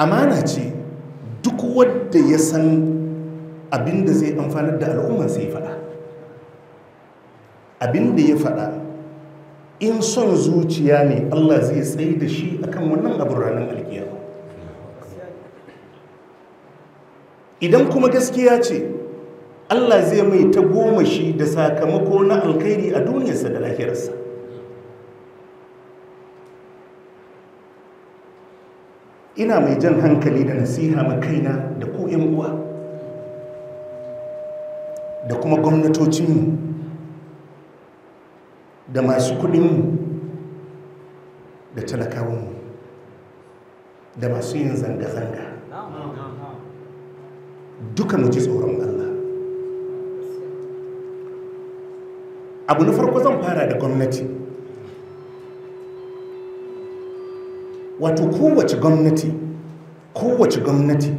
amana ce duk wadda ya san abinda zai amfanar da al'umma sai faɗa abinda ya faɗa in son zuciya ne allah zai tsaye da shi akan wannan abin ranar alkiya idan kuma gaskiya ce allah zai mai ta goma shi da sakamako na alkhairi a duniyarsa da lahirarsa ina mai jan hankali da nasiha makaina da ku yan uwa da kuma gwamnatocinmu da masu kudinmu da talakawanmu da masu yin zanga-zanga duka mu ji tsoron Allah abu na farko zan fara da gwamnati wato kowace gwamnati kowace gwamnati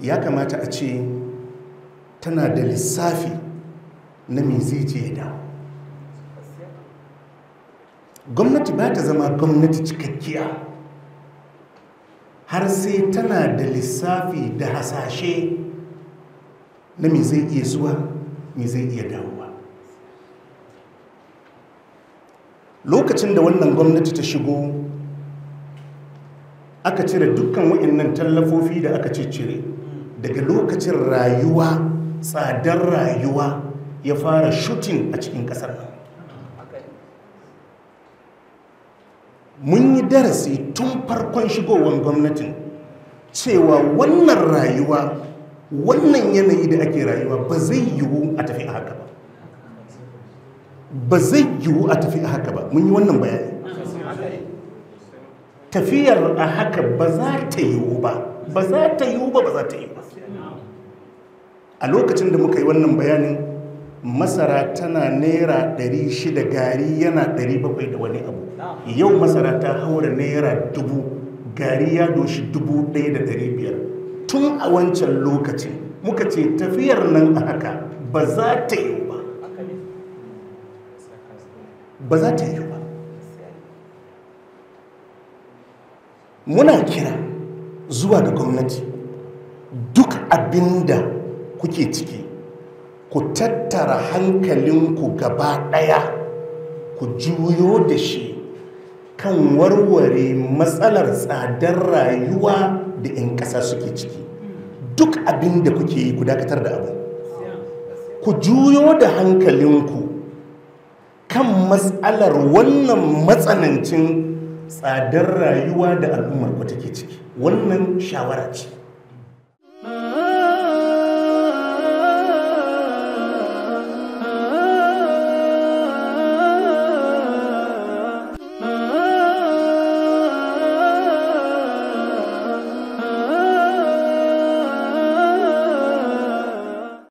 ya kamata a ce tana da lissafi na me zai je da gwamnati ba ta zama gwamnati cikakkiya har sai tana da lissafi da hasashe na me zai iya zuwa me zai iya dawowa lokacin da wannan gwamnati ta shigo aka cire dukkan wa'annan tallafofi da aka ce cire daga lokacin rayuwa tsadar rayuwa ya fara shutin a cikin kasar nan mun yi darasi tun farkon shigowar gwamnatin cewa wannan rayuwa wannan yanayi da ake rayuwa ba zai yiwu a tafi haka ba ba zai yiwu a tafi a haka ba mun yi wannan bayani tafiyar a haka ba za ta yiwu ba ba za ta yiwu ba ba za ta yiwu ba a lokacin da muka yi wannan bayanin masara tana naira 600 gari yana 700 da wani abu yau masara ta haura naira dubu gari ya doshi 1,500 tun a wancan lokacin muka ce tafiyar nan a haka ba za ta yiwu ba za ta yi ba muna kira zuwa da gwamnati duk abinda kuke ciki ku tattara hankalinku gaba daya ku juyo da shi kan warware matsalar tsadar rayuwa da 'yan ƙasa suke ciki duk abinda kuke yi ku dakatar da abu ku juyo da hankalinku kan matsalar wannan matsanancin tsadar rayuwa da al'ummar ku take ciki wannan shawara ce